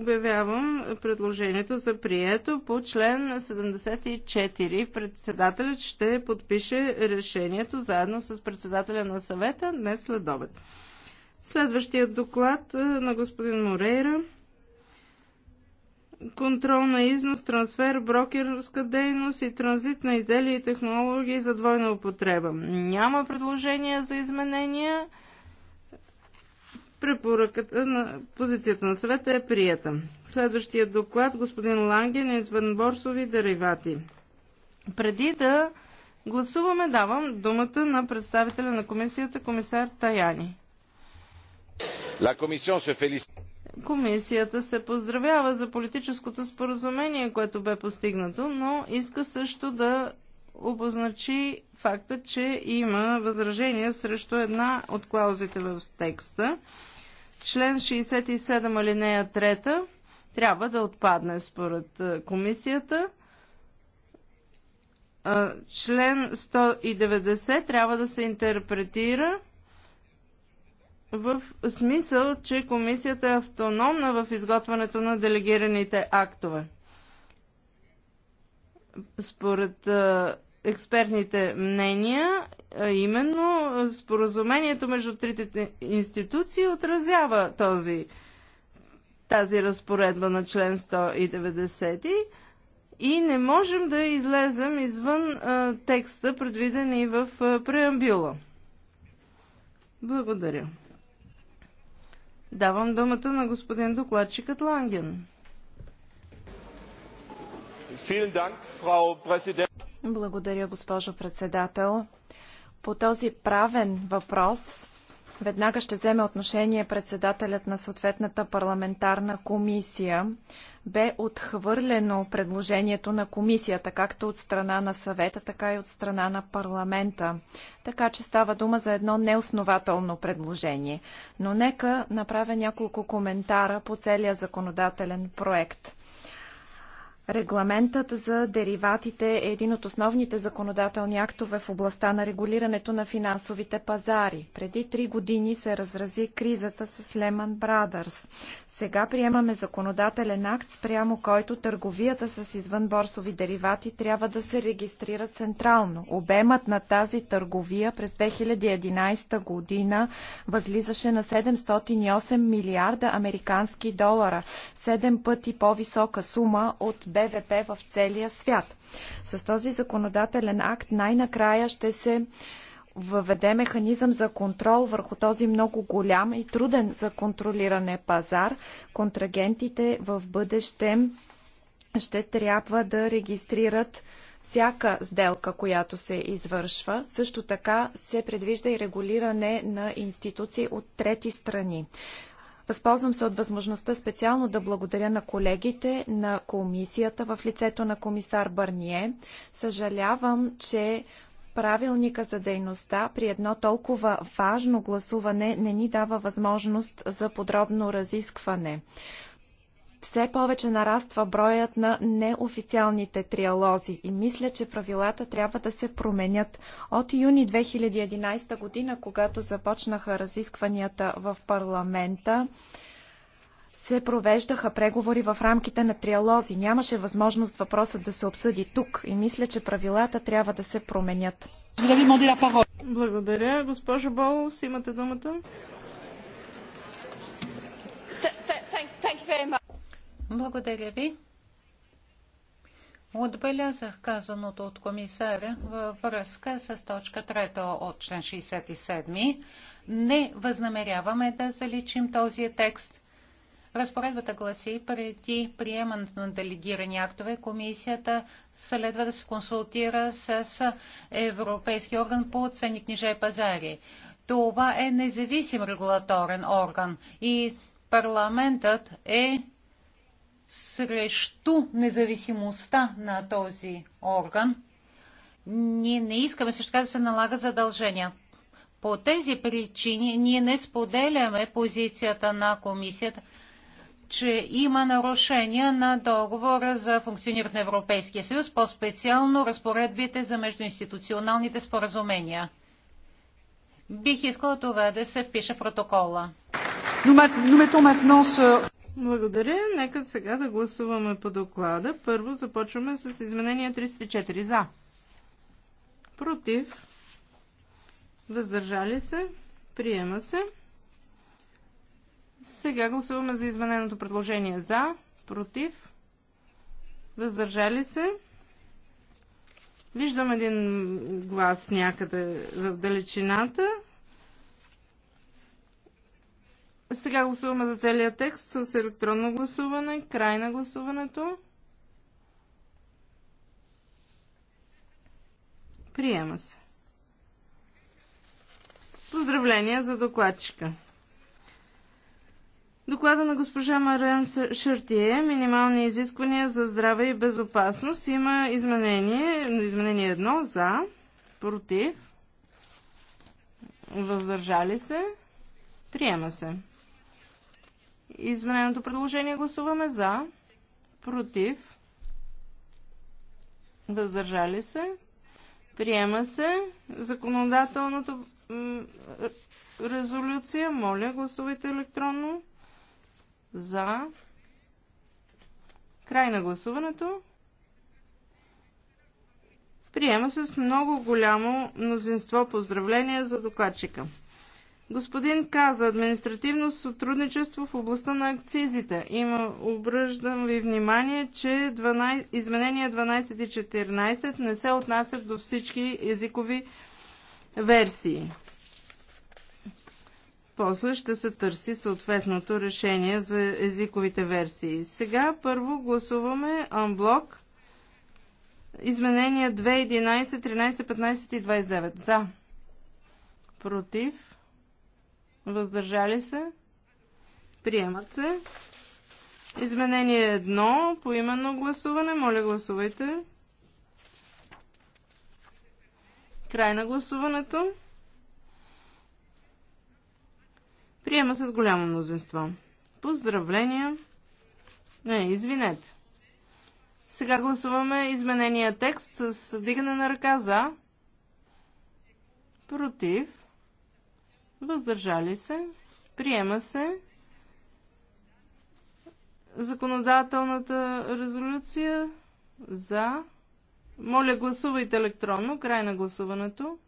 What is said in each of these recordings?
обявявам предложението за прието по член 74. Председателят ще подпише решението заедно с председателя на съвета днес след обед. Следващият доклад е, на господин Морейра. Контрол на износ, трансфер, брокерска дейност и транзит на изделия и технологии за двойна употреба. Няма предложения за изменения. Препоръката на позицията на съвета е прията. Следващия доклад господин Ланген е Борсови деривати. Преди да гласуваме, давам думата на представителя на комисията, комисар Таяни. Комисията се поздравява за политическото споразумение, което бе постигнато, но иска също да обозначи факта, че има възражение срещу една от клаузите в текста. Член 67 алинея 3 трябва да отпадне според комисията. Член 190 трябва да се интерпретира в смисъл, че комисията е автономна в изготвянето на делегираните актове. Според експертните мнения, а именно споразумението между трите институции отразява този, тази разпоредба на член 190 и не можем да излезем извън а, текста, предвиден и в а, преамбюла. Благодаря. Давам думата на господин докладчикът Ланген. Благодаря, госпожо председател. По този правен въпрос веднага ще вземе отношение председателят на съответната парламентарна комисия. Бе отхвърлено предложението на комисията, както от страна на съвета, така и от страна на парламента. Така че става дума за едно неоснователно предложение. Но нека направя няколко коментара по целия законодателен проект. Регламентът за дериватите е един от основните законодателни актове в областта на регулирането на финансовите пазари. Преди три години се разрази кризата с Lehman Brothers. Сега приемаме законодателен акт, спрямо който търговията с извънборсови деривати трябва да се регистрира централно. Обемът на тази търговия през 2011 година възлизаше на 708 милиарда американски долара, 7 пъти по-висока сума от БВП в целия свят. С този законодателен акт най-накрая ще се въведе механизъм за контрол върху този много голям и труден за контролиране пазар, контрагентите в бъдеще ще трябва да регистрират всяка сделка, която се извършва. Също така се предвижда и регулиране на институции от трети страни. Възползвам се от възможността специално да благодаря на колегите, на комисията в лицето на комисар Барние. Съжалявам, че правилника за дейността при едно толкова важно гласуване не ни дава възможност за подробно разискване. Все повече нараства броят на неофициалните триалози и мисля, че правилата трябва да се променят. От юни 2011 година, когато започнаха разискванията в парламента, се провеждаха преговори в рамките на триалози. Нямаше възможност въпросът да се обсъди тук и мисля, че правилата трябва да се променят. Благодаря. Госпожо Болс, имате думата. Благодаря ви. Отбелязах казаното от комисаря във връзка с точка 3 от член 67. Не възнамеряваме да заличим този текст. Разпоредбата гласи, преди приемането на делегирани актове, комисията следва да се консултира с Европейски орган по ценни книжа и пазари. Това е независим регулаторен орган и парламентът е срещу независимостта на този орган. Ние не искаме също така да се налагат задължения. По тези причини ние не споделяме позицията на комисията – че има нарушения на договора за функциониране на Европейския съюз, по-специално разпоредбите за междуинституционалните споразумения. Бих искала това да се впише в протокола. Благодаря. Нека сега да гласуваме по доклада. Първо започваме с изменение 34. За. Против. Въздържали се. Приема се. Сега гласуваме за измененото предложение за, против, въздържали се. Виждам един глас някъде в далечината. Сега гласуваме за целият текст с електронно гласуване, край на гласуването. Приема се. Поздравления за докладчика. Доклада на госпожа Марен Шартие «Минимални изисквания за здраве и безопасност» има изменение, изменение едно за, против, въздържали се, приема се. Измененото предложение гласуваме за, против, въздържали се, приема се. Законодателното резолюция, моля гласувайте електронно за. Край на гласуването. Приема се с много голямо мнозинство поздравления за докладчика. Господин каза административно сътрудничество в областта на акцизите. Има, обръждам ви внимание, че 12, изменения 12 и 14 не се отнасят до всички езикови версии. После ще се търси съответното решение за езиковите версии. Сега първо гласуваме анблок изменения 2, 11, 13, 15 и 29. За. Против. Въздържали се. Приемат се. Изменение 1 по именно гласуване. Моля гласувайте. Край на гласуването. Приема с голямо мнозинство. Поздравления! Не, извинете. Сега гласуваме изменения текст с вдигане на ръка за, против, въздържали се, приема се законодателната резолюция за. Моля, гласувайте електронно. Край на гласуването.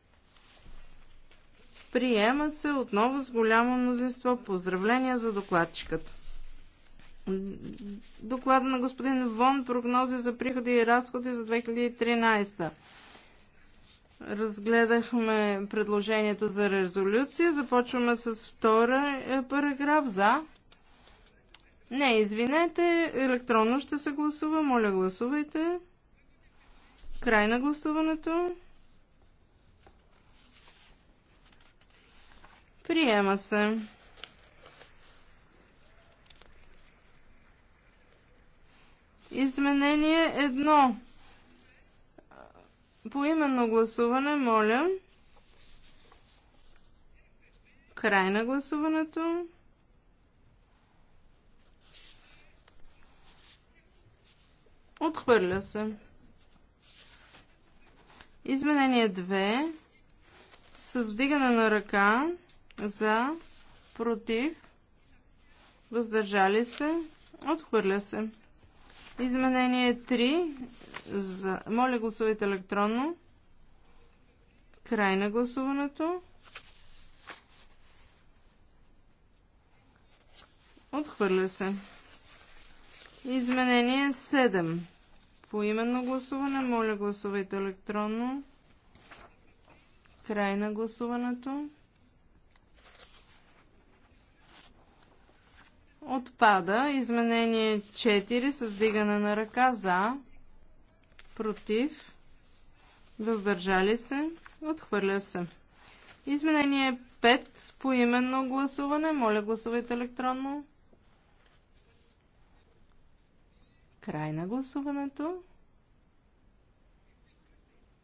Приема се отново с голямо мнозинство. Поздравления за докладчиката. Доклада на господин Вон прогнози за приходи и разходи за 2013. Разгледахме предложението за резолюция. Започваме с втора е, параграф за. Не, извинете, електронно ще се гласува. Моля, гласувайте. Край на гласуването. Приема се. Изменение едно. По именно гласуване, моля. Край на гласуването. Отхвърля се. Изменение 2. Създигане на ръка за, против, въздържали се, отхвърля се. Изменение 3. За... Моля гласувайте електронно. Край на гласуването. Отхвърля се. Изменение 7. По именно гласуване. Моля гласувайте електронно. Край на гласуването. Отпада. Изменение 4 с дигане на ръка за. Против. Въздържали се. Отхвърля се. Изменение 5 по именно гласуване. Моля гласувайте електронно. Край на гласуването.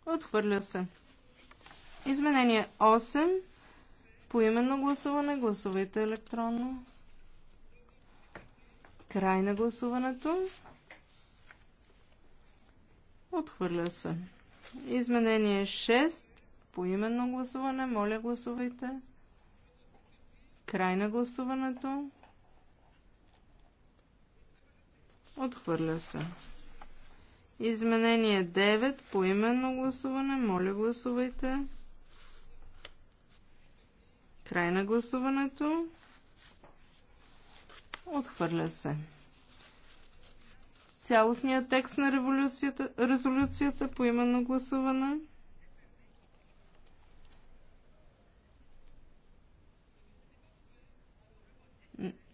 Отхвърля се. Изменение 8. По именно гласуване. Гласувайте електронно. Край на гласуването. Отхвърля се. Изменение 6. По именно гласуване. Моля, гласувайте. Край на гласуването. Отхвърля се. Изменение 9. По именно гласуване. Моля, гласувайте. Край на гласуването. Отхвърля се. Цялостният текст на резолюцията по именно гласуване.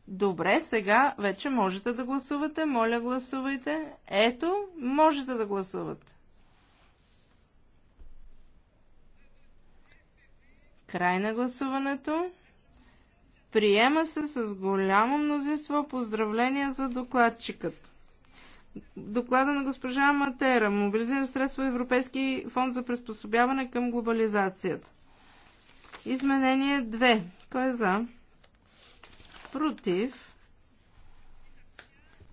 Добре, сега вече можете да гласувате. Моля, гласувайте. Ето, можете да гласувате. Край на гласуването. Приема се с голямо мнозинство поздравления за докладчикът. Доклада на госпожа Матера. мобилизиране средства Европейски фонд за приспособяване към глобализацията. Изменение 2. Кой е за? Против.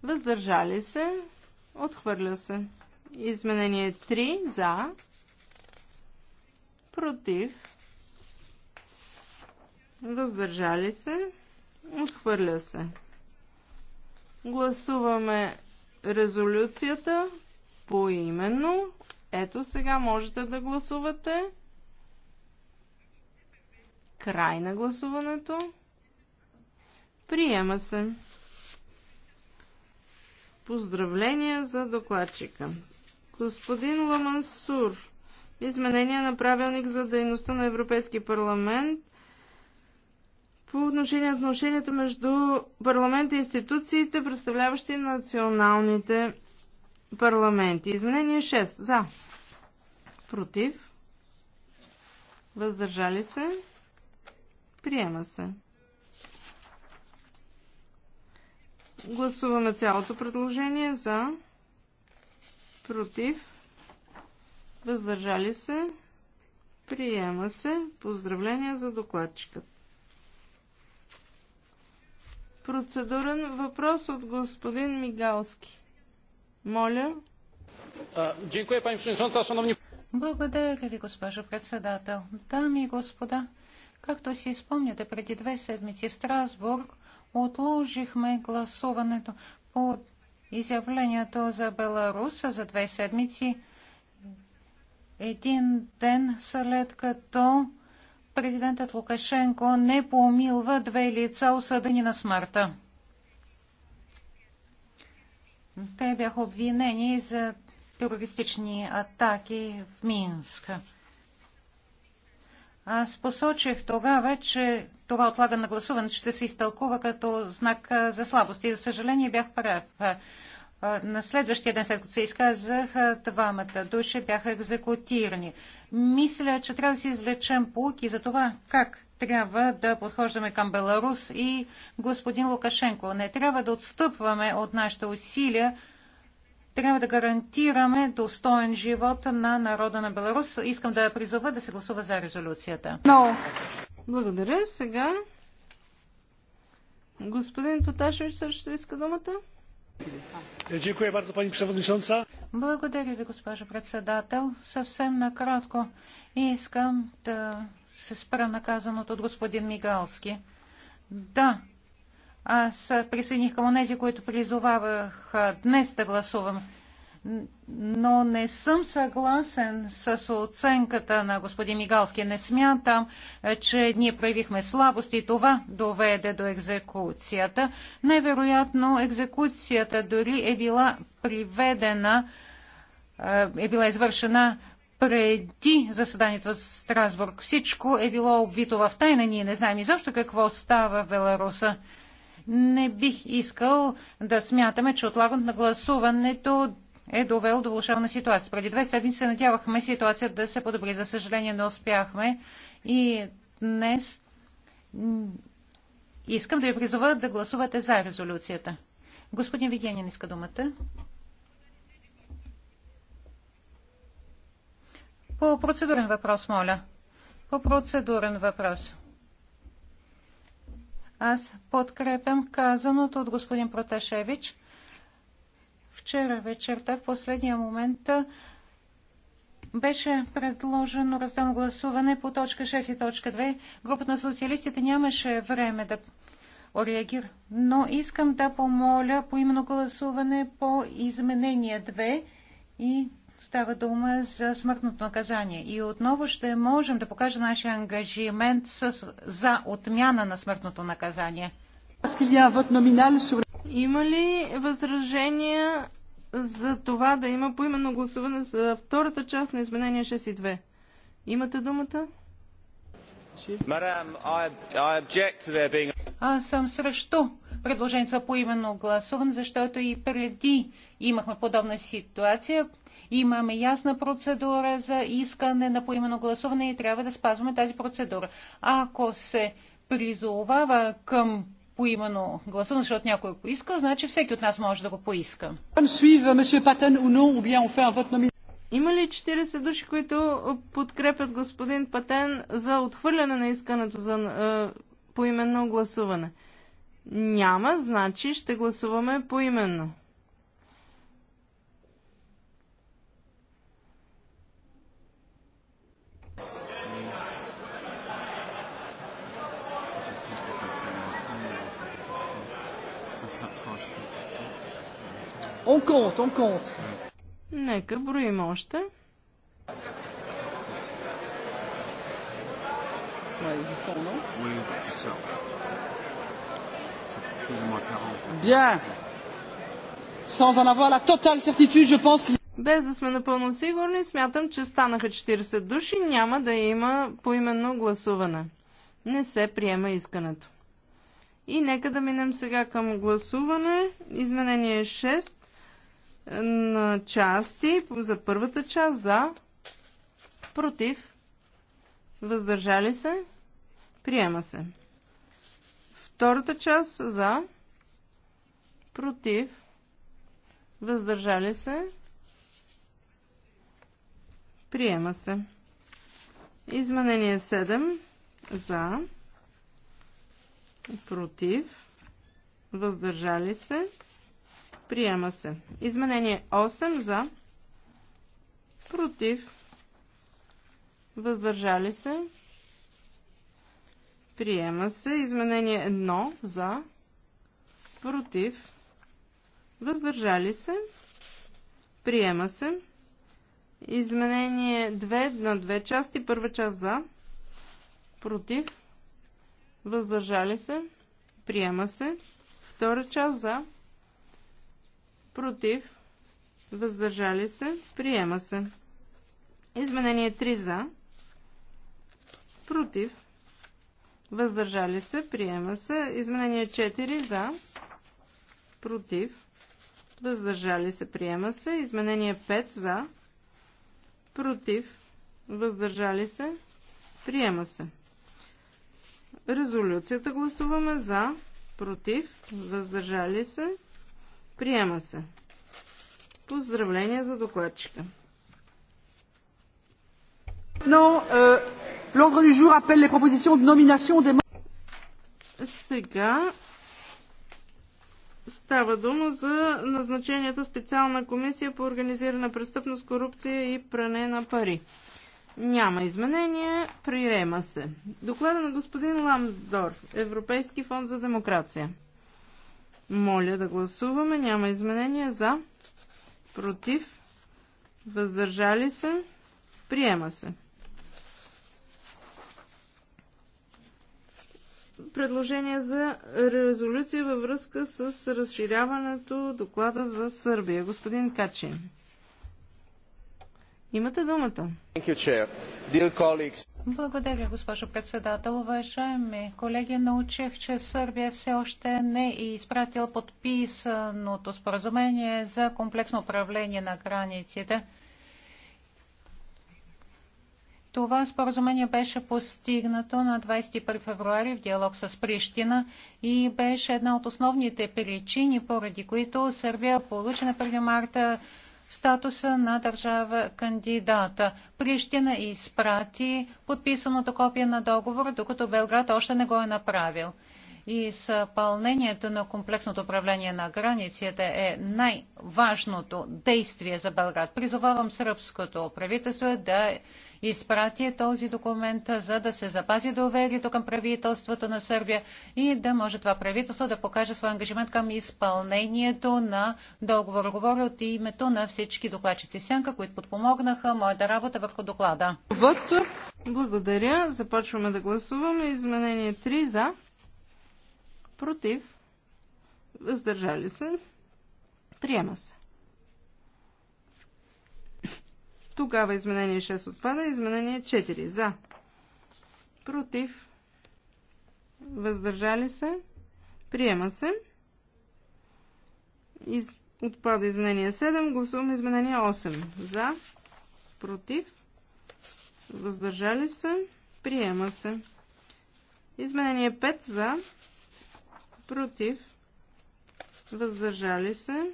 Въздържали се. Отхвърля се. Изменение 3. За. Против въздържали се, отхвърля се. Гласуваме резолюцията поименно. Ето сега можете да гласувате. Край на гласуването. Приема се. Поздравления за докладчика. Господин Ламансур, изменение на правилник за дейността на Европейски парламент – по отношение на отношенията между парламента и институциите, представляващи националните парламенти. Изменение 6. За. Против. Въздържали се. Приема се. Гласуваме цялото предложение за, против, въздържали се, приема се. Поздравления за докладчикът. Процедурен въпрос от господин Мигалски. Моля. Благодаря ви, госпожо председател. Дами и господа, както си спомняте, преди две седмици в Страсбург отложихме гласуването по изявлението за Беларуса за две седмици. Един ден след като президентът Лукашенко не помилва две лица, осъдени на смъртта. Те бяха обвинени за терористични атаки в Минск. Аз посочих тогава, че това отлагане на гласуване ще се изтълкува като знак за слабост и, за съжаление, бях прав на следващия ден, след като се изказах, двамата души бяха екзекутирани. Мисля, че трябва да си извлечем полуки за това как трябва да подхождаме към Беларус и господин Лукашенко. Не трябва да отстъпваме от нашите усилия. Трябва да гарантираме достоен живот на народа на Беларус. Искам да призова да се гласува за резолюцията. No. Благодаря. Сега господин Поташевич също иска думата. Благодаря ви, госпожо председател. Съвсем накратко искам да се спра на казаното от господин Мигалски. Да, аз присъединих към онези, които призоваваха днес да гласувам но не съм съгласен с оценката на господин Мигалски. Не смятам, е, че ние проявихме слабост и това доведе до екзекуцията. Невероятно, екзекуцията дори е била приведена, е, е била извършена преди заседанието в Страсбург. Всичко е било обвито в тайна. Ние не знаем изобщо какво става в Беларуса. Не бих искал да смятаме, че отлагането на гласуването е довел до влушаване ситуация. Преди две седмици се надявахме ситуацията да се подобри. За съжаление не успяхме и днес искам да ви призова да гласувате за резолюцията. Господин Вигенин иска думата. По процедурен въпрос, моля. По процедурен въпрос. Аз подкрепям казаното от господин Проташевич вчера вечерта в последния момент беше предложено разделно гласуване по точка 6 и точка 2. Групата на социалистите нямаше време да реагира, но искам да помоля по именно гласуване по изменение 2 и става дума за смъртното наказание. И отново ще можем да покажем нашия ангажимент с, за отмяна на смъртното наказание. Има ли възражения за това да има поименно гласуване за втората част на изменение 6 и 2? Имате думата? Аз съм срещу предложението за поименно гласуване, защото и преди имахме подобна ситуация. Имаме ясна процедура за искане на поименно гласуване и трябва да спазваме тази процедура. Ако се призовава към поименно гласуване, защото някой поиска, значи всеки от нас може да го поиска. Има ли 40 души, които подкрепят господин Патен за отхвърляне на искането за е, поименно гласуване? Няма, значи ще гласуваме поименно. On compte, on compte. Нека броим още. Bien. Sans en avoir la totale certitude, je pense без да сме напълно сигурни, смятам, че станаха 40 души, няма да има поименно гласуване. Не се приема искането. И нека да минем сега към гласуване. Изменение 6 на части. За първата част за, против, въздържали се, приема се. Втората част за, против, въздържали се, приема се. Изменение 7 за, против, въздържали се, Приема се. Изменение 8 за. Против. Въздържали се. Приема се. Изменение 1 за. Против. Въздържали се. Приема се. Изменение 2 на две части. Първа част за. Против. Въздържали се. Приема се. Втора част за. Против против, въздържали се, приема се. Изменение 3 за, против, въздържали се, приема се. Изменение 4 за, против, въздържали се, приема се. Изменение 5 за, против, въздържали се, приема се. Резолюцията гласуваме за, против, въздържали се, Приема се. Поздравление за докладчика. Euh, Сега става дума за назначенията специална комисия по организирана престъпност, корупция и пране на пари. Няма изменения, приема се. Доклада на господин Ламдор, Европейски фонд за демокрация. Моля да гласуваме. Няма изменения за, против, въздържали се, приема се. Предложение за резолюция във връзка с разширяването доклада за Сърбия. Господин Качин. Имате думата. You, благодаря, госпожо председател. Уважаеми колеги, научих, че Сърбия все още не е изпратила подписаното споразумение за комплексно управление на границите. Това споразумение беше постигнато на 21 февруари в диалог с Прищина и беше една от основните причини, поради които Сърбия получи на 1 марта статуса на държава кандидата. Прищина изпрати подписаното копие на договора, докато Белград още не го е направил изпълнението на комплексното управление на границите е най-важното действие за Белград. Призовавам сръбското правителство да изпрати този документ, за да се запази доверието към правителството на Сърбия и да може това правителство да покаже своя ангажимент към изпълнението на договор. Говоря от името на всички докладчици Сянка, които подпомогнаха моята работа върху доклада. Благодаря. Започваме да гласуваме. Изменение 3 за против, въздържали се, приема се. Тогава изменение 6 отпада, изменение 4 за, против, въздържали се, приема се. Из... Отпада изменение 7, гласуваме изменение 8 за, против, въздържали се, приема се. Изменение 5 за, против, въздържали се,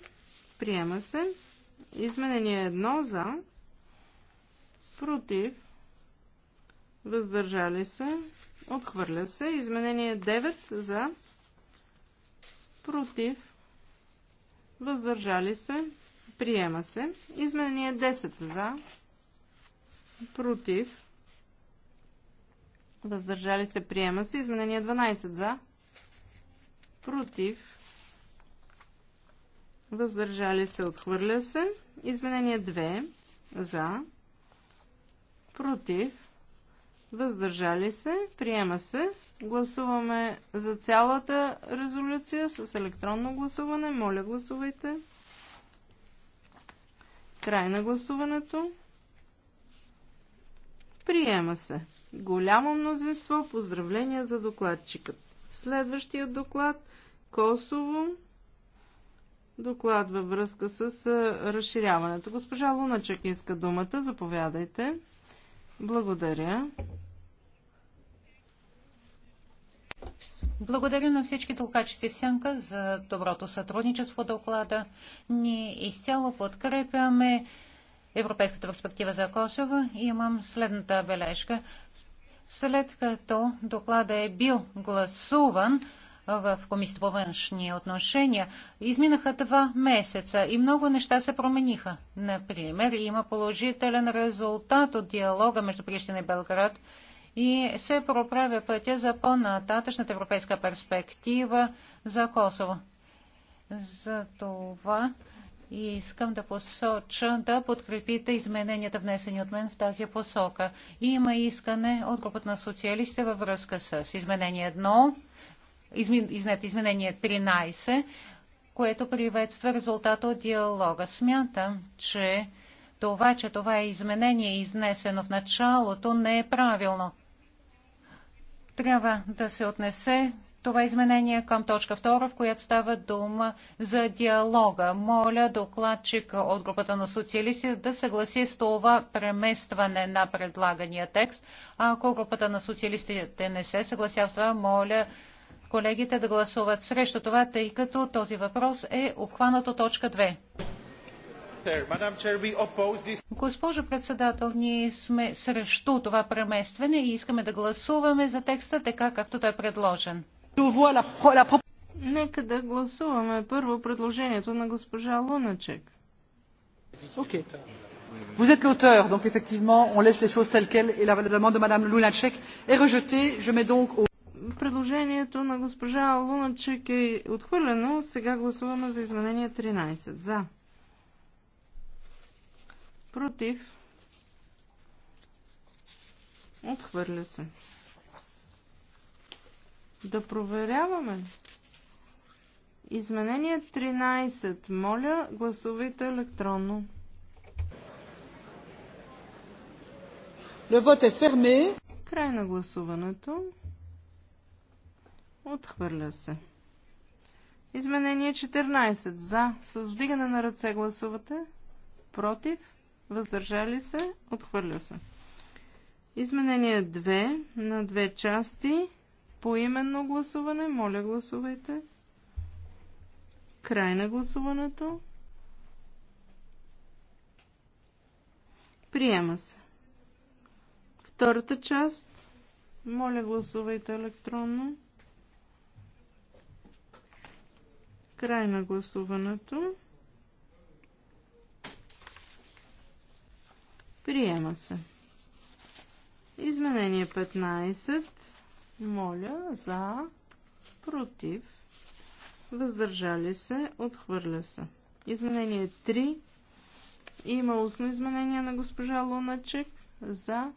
приема се. Изменение 1 за, против, въздържали се, отхвърля се. Изменение 9 за, против, въздържали се, приема се. Изменение 10 за, против, въздържали се, приема се. Изменение 12 за, против против, въздържали се, отхвърля се. Изменение 2 за, против, въздържали се, приема се. Гласуваме за цялата резолюция с електронно гласуване. Моля, гласувайте. Край на гласуването. Приема се. Голямо мнозинство. Поздравления за докладчикът. Следващия доклад Косово. Доклад във връзка с разширяването. Госпожа Луначек иска думата. Заповядайте. Благодаря. Благодаря на всички тълкачици в Сянка за доброто сътрудничество доклада. Ние изцяло подкрепяме Европейската перспектива за Косово. Имам следната бележка. След като доклада е бил гласуван в Комисията по външни отношения, изминаха два месеца и много неща се промениха. Например, има положителен резултат от диалога между Прищина и Белград и се проправя пътя за по-нататъчната европейска перспектива за Косово. За това и искам да посоча да подкрепите измененията, внесени от мен в тази посока. Има искане от групата на социалистите във връзка с изменение 1, измен, изнете, изменение 13, което приветства резултата от диалога. Смятам, че това, че това е изменение изнесено в началото, не е правилно. Трябва да се отнесе това изменение към точка 2, в която става дума за диалога. Моля докладчика от групата на социалисти да съгласи с това преместване на предлагания текст. Ако групата на социалистите не се съглася с това, моля колегите да гласуват срещу това, тъй като този въпрос е обхванато точка 2. Госпожо председател, ние сме срещу това преместване и искаме да гласуваме за текста така, както той е предложен. Нека да гласуваме първо предложението на госпожа Луначек. Окей. Okay. Vous êtes l'auteur, donc effectivement, on laisse les choses telles quelles et la demande de Madame Lunacek est rejetée. Je mets donc au... Предложението на госпожа Луначек е отхвърлено. Сега гласуваме за изменение 13. За. Против. Отхвърля се. Да проверяваме. Изменение 13. Моля, гласувайте електронно. Le vote est fermé. Край на гласуването. Отхвърля се. Изменение 14. За. С вдигане на ръце гласувате. Против. Въздържали се. Отхвърля се. Изменение 2 на две части. Поименно гласуване, моля гласувайте. Край на гласуването. Приема се. Втората част. Моля гласувайте електронно. Край на гласуването. Приема се. Изменение 15. Моля за, против, въздържали се, отхвърля се. Изменение 3. Има устно изменение на госпожа Луначек за.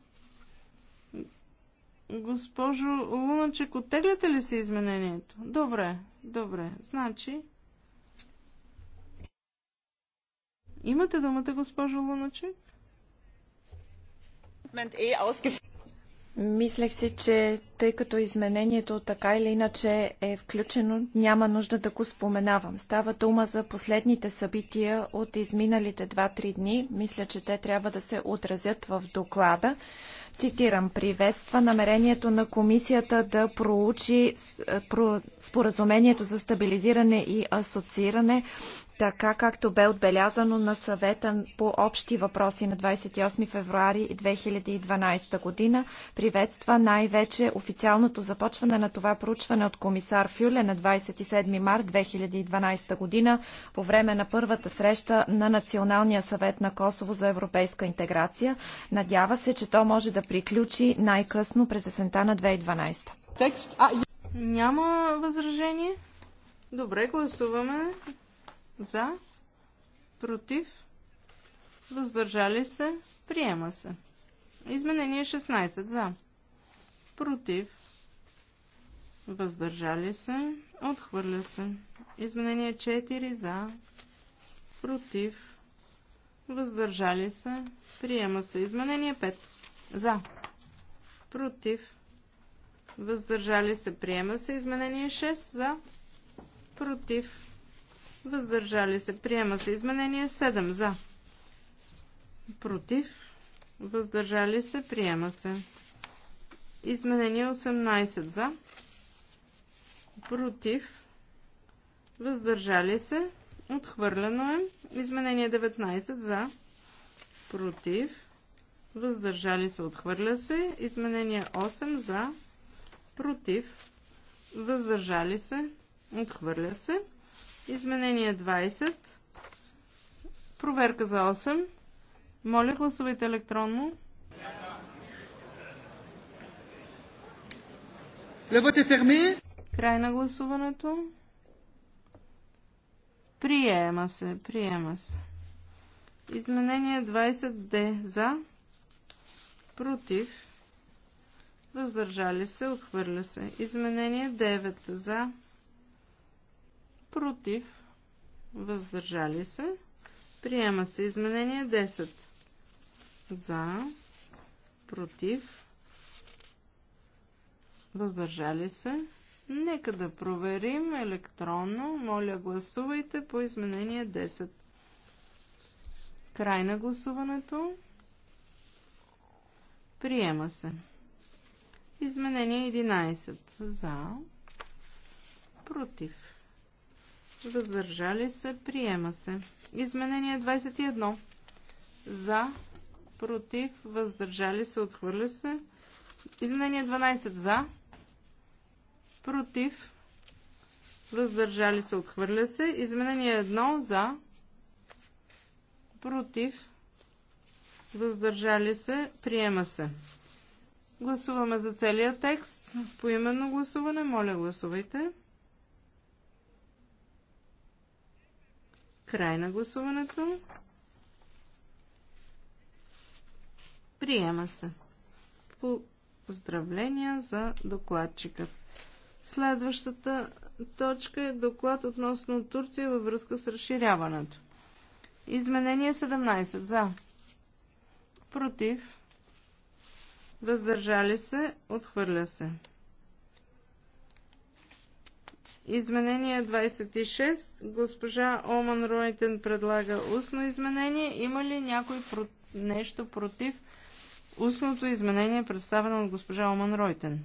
Госпожо Луначек, оттегляте ли се изменението? Добре, добре. Значи. Имате думата, госпожо Луначек? Мислех си, че тъй като изменението така или иначе е включено, няма нужда да го споменавам. Става дума за последните събития от изминалите 2-3 дни. Мисля, че те трябва да се отразят в доклада. Цитирам, приветства намерението на комисията да проучи е, споразумението за стабилизиране и асоцииране, така както бе отбелязано на съвета по общи въпроси на 28 февруари 2012 година, приветства най-вече официалното започване на това проучване от комисар Фюле на 27 март 2012 година по време на първата среща на Националния съвет на Косово за европейска интеграция. Надява се, че то може да приключи най-късно през есента на 2012. Текст, а... Няма възражение? Добре, гласуваме за, против, въздържали се, приема се. Изменение 16 за против, въздържали се, отхвърля се. Изменение 4 за, против, въздържали се, приема се. Изменение 5 за, против, въздържали се, приема се. Изменение 6 за, против, въздържали се, приема се. Изменение 7 за, против, въздържали се, приема се. Изменение 18 за. Против. Въздържали се. Отхвърлено е. Изменение 19 за. Против. Въздържали се. Отхвърля се. Изменение 8 за. Против. Въздържали се. Отхвърля се. Изменение 20. Проверка за 8. Моля, гласувайте електронно. Край на гласуването. Приема се, приема се. Изменение 20D за, против, въздържали се, отхвърля се. Изменение 9 за, против, въздържали се, приема се. Изменение 10 за, против, Въздържали се? Нека да проверим електронно. Моля, гласувайте по изменение 10. Край на гласуването. Приема се. Изменение 11. За. Против. Въздържали се. Приема се. Изменение 21. За. Против. Въздържали се. Отхвърля се. Изменение 12. За против, въздържали се, отхвърля се. Изменение 1 за, против, въздържали се, приема се. Гласуваме за целия текст. По именно гласуване, моля гласувайте. Край на гласуването. Приема се. Поздравления за докладчикът. Следващата точка е доклад относно Турция във връзка с разширяването. Изменение 17 за. Против. Въздържали се. Отхвърля се. Изменение 26. Госпожа Оман Ройтен предлага устно изменение. Има ли някой про... нещо против устното изменение, представено от госпожа Оман Ройтен?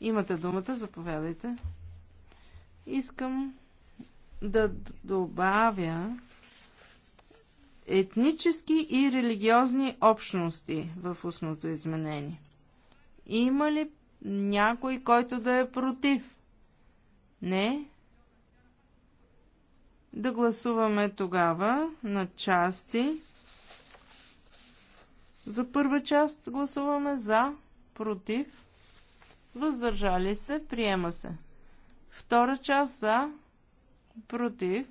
Имате думата, заповядайте. Искам да добавя етнически и религиозни общности в устното изменение. Има ли някой, който да е против? Не? Да гласуваме тогава на части. За първа част гласуваме за, против, въздържали се, приема се. Втора част за, против,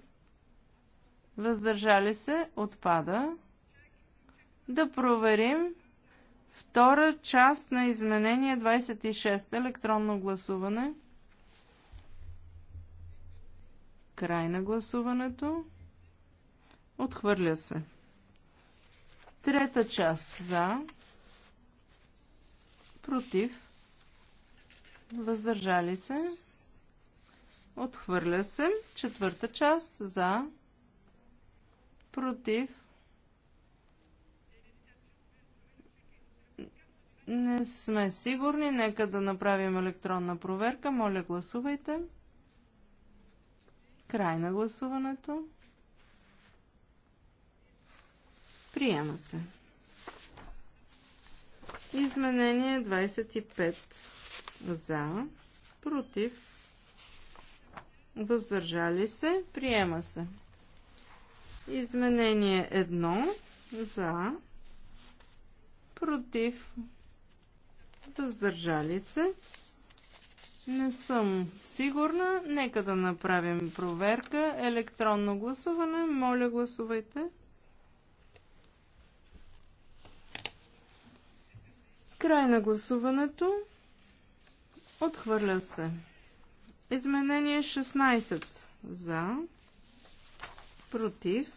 въздържали се, отпада. Да проверим втора част на изменение 26, електронно гласуване. Край на гласуването. Отхвърля се. Трета част за, против, въздържали се, отхвърля се. Четвърта част за, против, не сме сигурни. Нека да направим електронна проверка. Моля, гласувайте. Край на гласуването. Приема се. Изменение 25 за, против, въздържали се, приема се. Изменение 1 за, против, въздържали се. Не съм сигурна. Нека да направим проверка. Електронно гласуване. Моля, гласувайте. Край на гласуването. Отхвърля се. Изменение 16 за, против,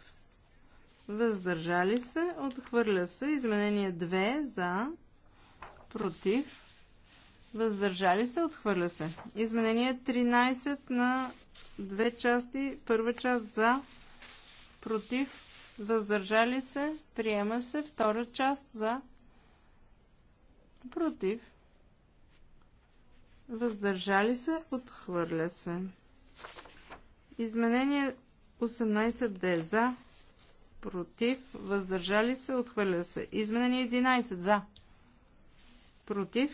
въздържали се, отхвърля се. Изменение 2 за, против, въздържали се, отхвърля се. Изменение 13 на две части. Първа част за, против, въздържали се, приема се. Втора част за, против, въздържали се, отхвърля се. Изменение 18 де за, против, въздържали се, отхвърля се. Изменение 11 за, против,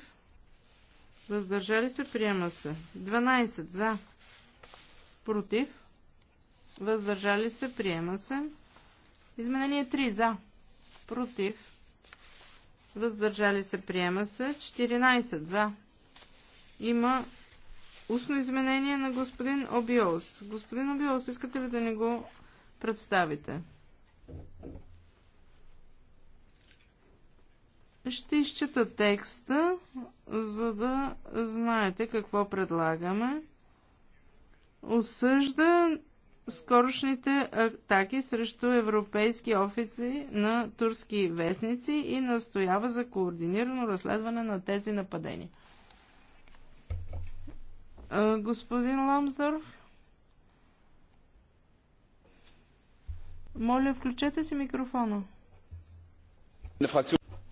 въздържали се, приема се. 12 за, против, въздържали се, приема се. Изменение 3 за, против, въздържали се, приема се. 14 за, против, има устно изменение на господин Обиолс. Господин Обиолс, искате ли да ни го представите? Ще изчета текста, за да знаете какво предлагаме. Осъжда скорошните атаки срещу европейски офици на турски вестници и настоява за координирано разследване на тези нападения. Господин Ламсдорф? Моля, включете си микрофона.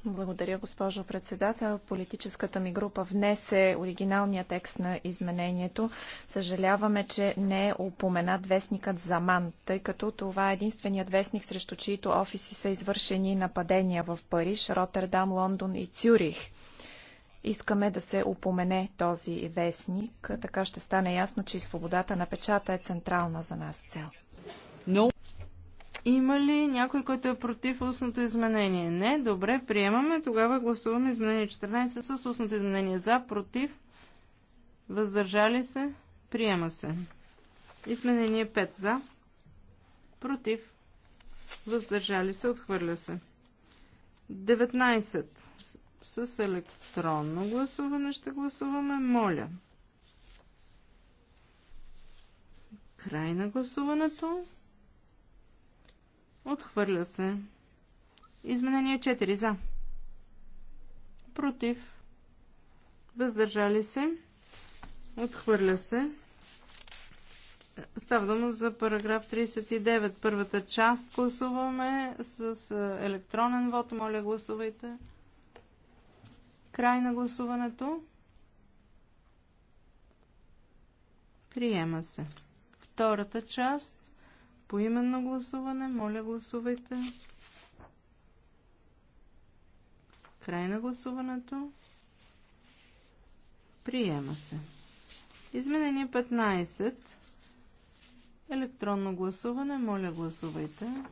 Благодаря, госпожо председател. Политическата ми група внесе оригиналния текст на изменението. Съжаляваме, че не е упоменат вестникът Заман, тъй като това е единственият вестник, срещу чието офиси са извършени нападения в Париж, Роттердам, Лондон и Цюрих. Искаме да се упомене този вестник, така ще стане ясно, че и свободата на печата е централна за нас цел. Но... Има ли някой, който е против устното изменение? Не, добре, приемаме. Тогава гласуваме изменение 14 с устното изменение за, против, въздържали се, приема се. Изменение 5 за, против, въздържали се, отхвърля се. 19 с електронно гласуване ще гласуваме. Моля. Край на гласуването. Отхвърля се. Изменение 4 за. Против. Въздържали се. Отхвърля се. Става дума за параграф 39. Първата част гласуваме с е, електронен вод. Моля, гласувайте. Край на гласуването. Приема се. Втората част. По именно гласуване. Моля, гласувайте. Край на гласуването. Приема се. Изменение 15. Електронно гласуване. Моля, гласувайте.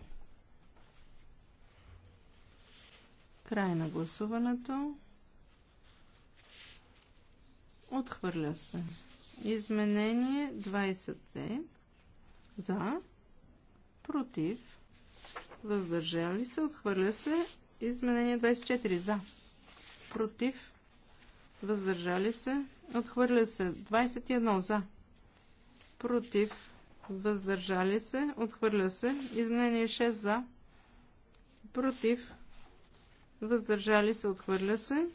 Край на гласуването. Отхвърля се. Изменение 20 е за, против, въздържали се, отхвърля се. Изменение 24 за, против, въздържали се, отхвърля се. 21 за, против, въздържали се, отхвърля се. Изменение 6 за, против, въздържали се, отхвърля се.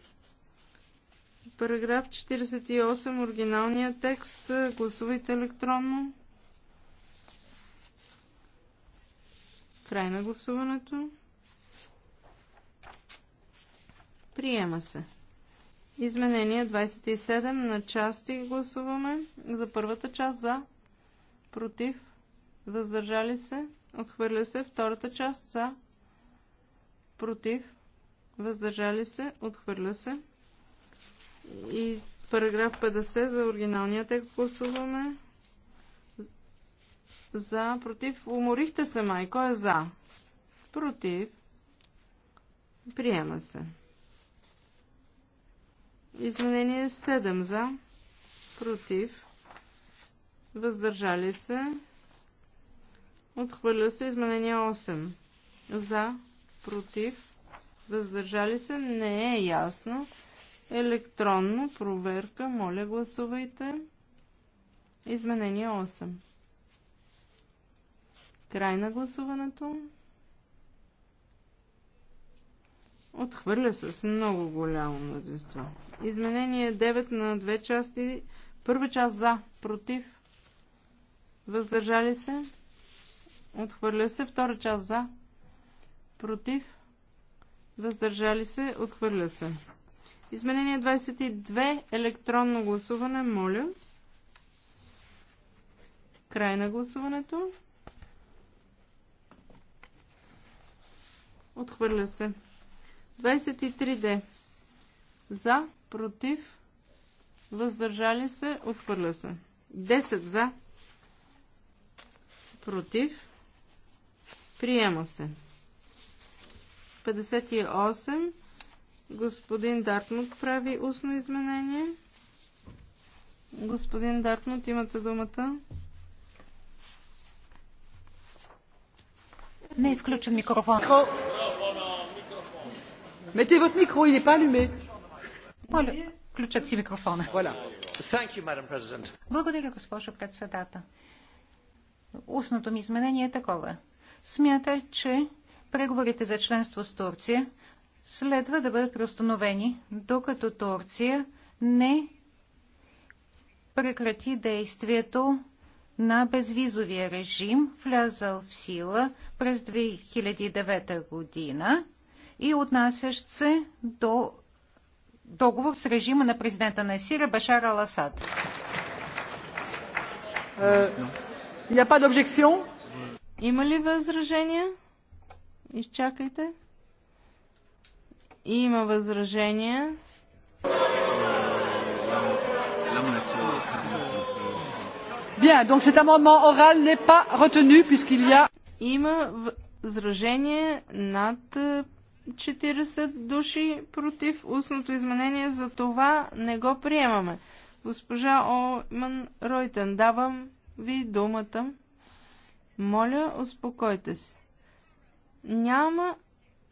Параграф 48, оригиналния текст. Гласувайте електронно. Край на гласуването. Приема се. Изменение 27 на части гласуваме. За първата част за, против, въздържали се, отхвърля се. Втората част за, против, въздържали се, отхвърля се. И параграф 50 за оригиналния текст гласуваме. За, против. Уморихте се, май. Кой е за? Против. Приема се. Изменение 7 за, против, въздържали се, отхвърля се. Изменение 8 за, против, въздържали се, не е ясно. Електронно проверка. Моля, гласувайте. Изменение 8. Край на гласуването. Отхвърля се с много голямо мнозинство. Изменение 9 на две части. Първа част за, против, въздържали се. Отхвърля се. Втора част за, против, въздържали се. Отхвърля се. Изменение 22, електронно гласуване, моля. Край на гласуването. Отхвърля се. 23D. За, против, въздържали се, отхвърля се. 10 за, против, приема се. 58 Господин Дартмут прави устно изменение. Господин Дартмут, имате думата. Не е включен микрофон. Мете votre микро или n'est pas Моля, включат си микрофона. Благодаря, госпожо председател. Устното ми изменение е такова. Смята, че преговорите за членство с Турция следва да бъдат преустановени, докато Турция не прекрати действието на безвизовия режим, влязъл в сила през 2009 година и отнасящ се до договор с режима на президента на Сирия Башар Ал-Асад. Е, Има ли възражения? Изчакайте. Има възражения. Bien, donc cet amendement oral n'est pas retenu puisqu'il y a... Има възражение над 40 души против устното изменение, за това не го приемаме. Госпожа Оман Ройтен, давам ви думата. Моля, успокойте се. Няма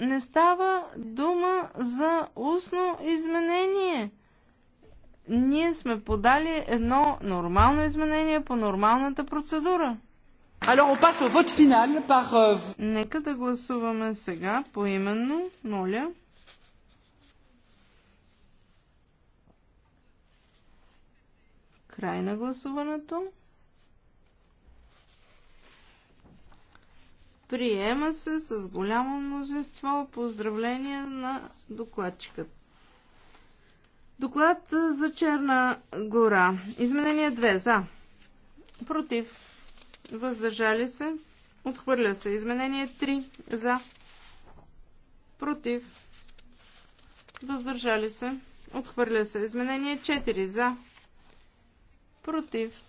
не става дума за устно изменение. Ние сме подали едно нормално изменение по нормалната процедура. Alors on passe au vote final par... Euh, Нека да гласуваме сега поименно, моля. Край на гласуването. Приема се с голямо мнозинство. Поздравления на докладчикът. Доклад за Черна гора. Изменение 2. За. Против. Въздържали се. Отхвърля се. Изменение 3. За. Против. Въздържали се. Отхвърля се. Изменение 4. За. Против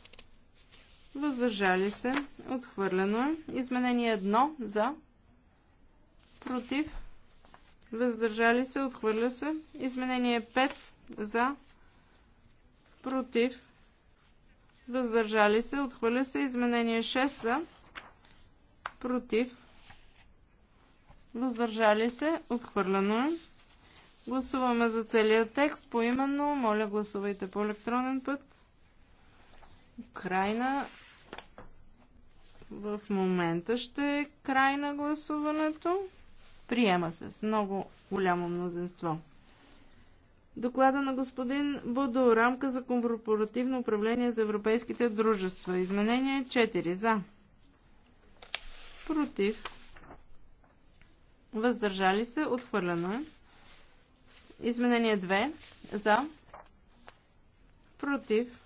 въздържали се, отхвърлено е. Изменение 1 за, против, въздържали се, отхвърля се. Изменение 5 за, против, въздържали се, отхвърля се. Изменение 6 за, против, въздържали се, отхвърлено е. Гласуваме за целият текст поименно. Моля, гласувайте по електронен път. Крайна. В момента ще е край на гласуването. Приема се с много голямо мнозинство. Доклада на господин Бодо, рамка за корпоративно управление за европейските дружества. Изменение 4. За. Против. Въздържали се. Отхвърлено е. Изменение 2. За. Против.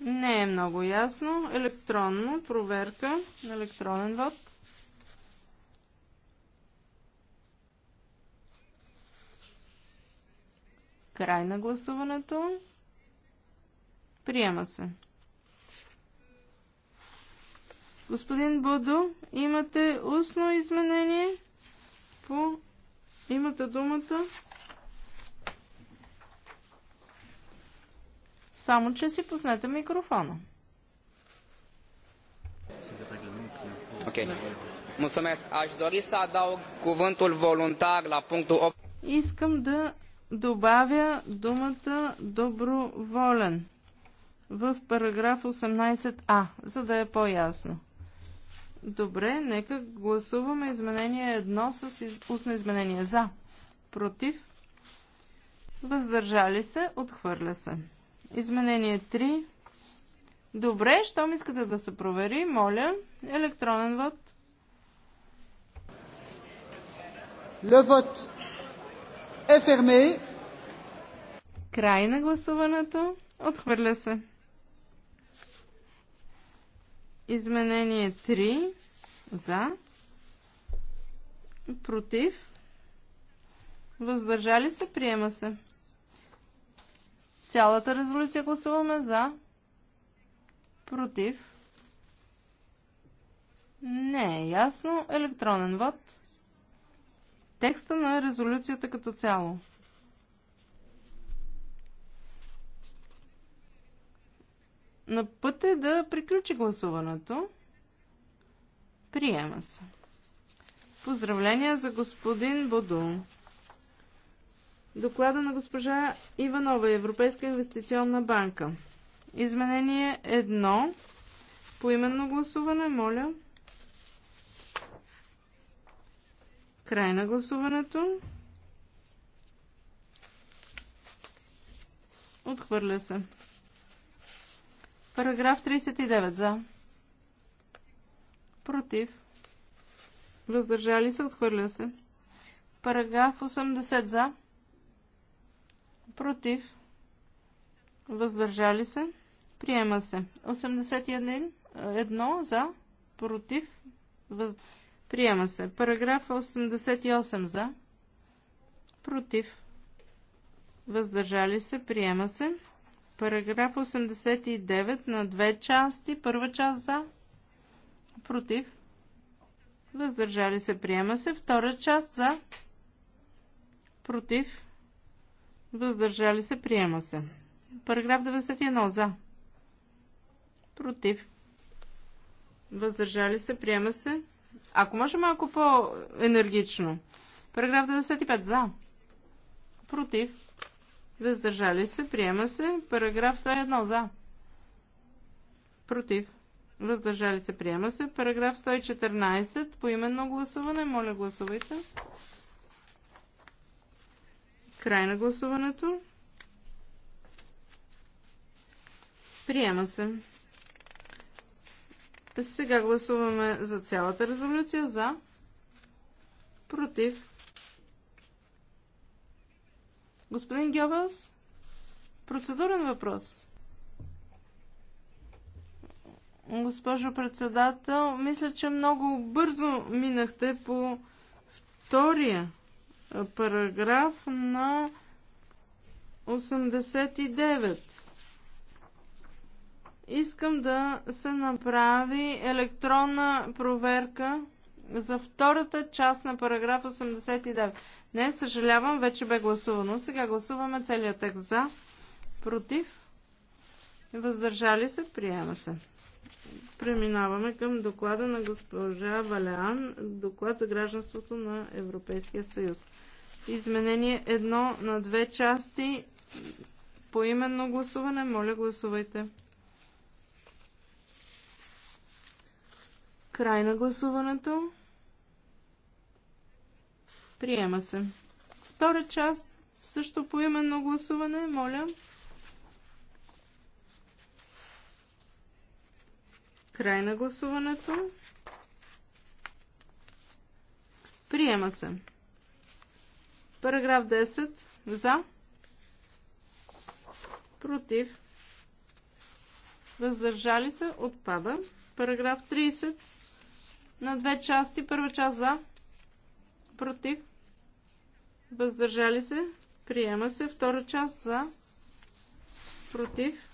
Не е много ясно. Електронно, проверка, електронен вод. Край на гласуването. Приема се. Господин Бодо, имате устно изменение по... Имате думата. Само, че си пуснете микрофона. Okay. Искам да добавя думата доброволен в параграф 18а, за да е по-ясно. Добре, нека гласуваме изменение 1 с из... устно изменение за. Против. Въздържали се. Отхвърля се. Изменение 3. Добре, щом искате да се провери, моля, електронен вод. Le vote е ферме. Край на гласуването. Отхвърля се. Изменение 3. За. Против. Въздържали се. Приема се. Цялата резолюция гласуваме за. Против. Не е ясно. Електронен вод. Текста на резолюцията като цяло. На път е да приключи гласуването. Приема се. Поздравления за господин Бодун. Доклада на госпожа Иванова, Европейска инвестиционна банка. Изменение 1. Поименно гласуване, моля. Край на гласуването. Отхвърля се. Параграф 39 за. Против. Въздържали се, отхвърля се. Параграф 80 за против, въздържали се, приема се. 81 за, против, въз... приема се. Параграф 88 за, против, въздържали се, приема се. Параграф 89 на две части, първа част за, против, въздържали се, приема се. Втора част за, против, Въздържали се, приема се. Параграф 91 за. Против. Въздържали се, приема се. Ако може малко по-енергично. Параграф 95 за. Против. Въздържали се, приема се. Параграф 101 за. Против. Въздържали се, приема се. Параграф 114 по именно гласуване. Моля, гласувайте. Гласувайте. Край на гласуването. Приема се. Сега гласуваме за цялата резолюция. За. Против. Господин Гьобелс, процедурен въпрос. Госпожо председател, мисля, че много бързо минахте по втория параграф на 89. Искам да се направи електронна проверка за втората част на параграф 89. Не, съжалявам, вече бе гласувано. Сега гласуваме целият текст за, против, въздържали се, приема се. Преминаваме към доклада на госпожа Валян, доклад за гражданството на Европейския съюз. Изменение едно на две части. По именно гласуване, моля гласувайте. Край на гласуването. Приема се. Втора част също по именно гласуване, моля. Край на гласуването. Приема се. Параграф 10. За. Против. Въздържали се. Отпада. Параграф 30. На две части. Първа част за. Против. Въздържали се. Приема се. Втора част за. Против.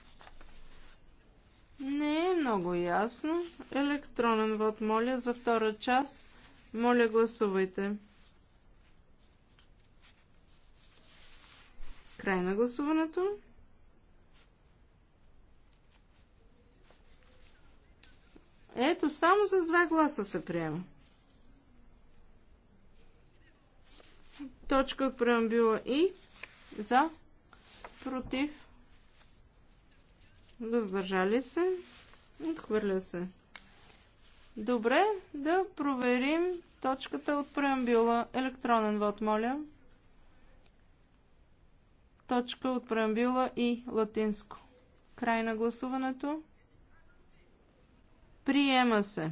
Не е много ясно. Електронен вод, моля, за втора част. Моля, гласувайте. Край на гласуването. Ето, само с два гласа се приема. Точка от преамбюла и за, против, Въздържали се. Отхвърля се. Добре, да проверим точката от преамбюла. Електронен вод, моля. Точка от преамбюла и латинско. Край на гласуването. Приема се.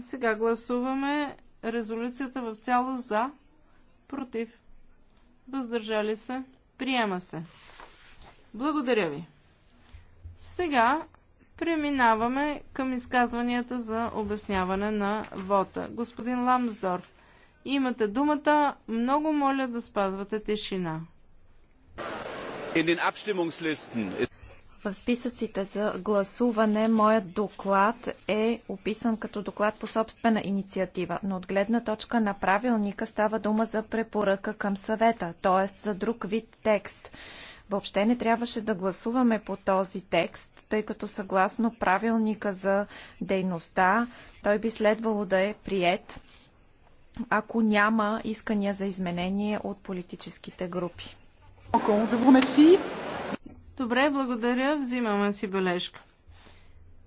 Сега гласуваме резолюцията в цяло за, против, въздържали се, приема се. Благодаря ви. Сега преминаваме към изказванията за обясняване на вота. Господин Ламсдорф, имате думата. Много моля да спазвате тишина. В списъците за гласуване моят доклад е описан като доклад по собствена инициатива, но от гледна точка на правилника става дума за препоръка към съвета, т.е. за друг вид текст. Въобще не трябваше да гласуваме по този текст, тъй като съгласно правилника за дейността, той би следвало да е прият, ако няма искания за изменение от политическите групи. Добре, благодаря. Взимаме си бележка.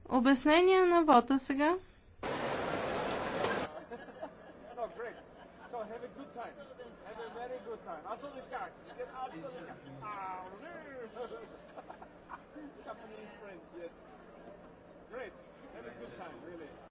Обяснение на вота сега. Have a good time. Have a very good time. I saw this guy.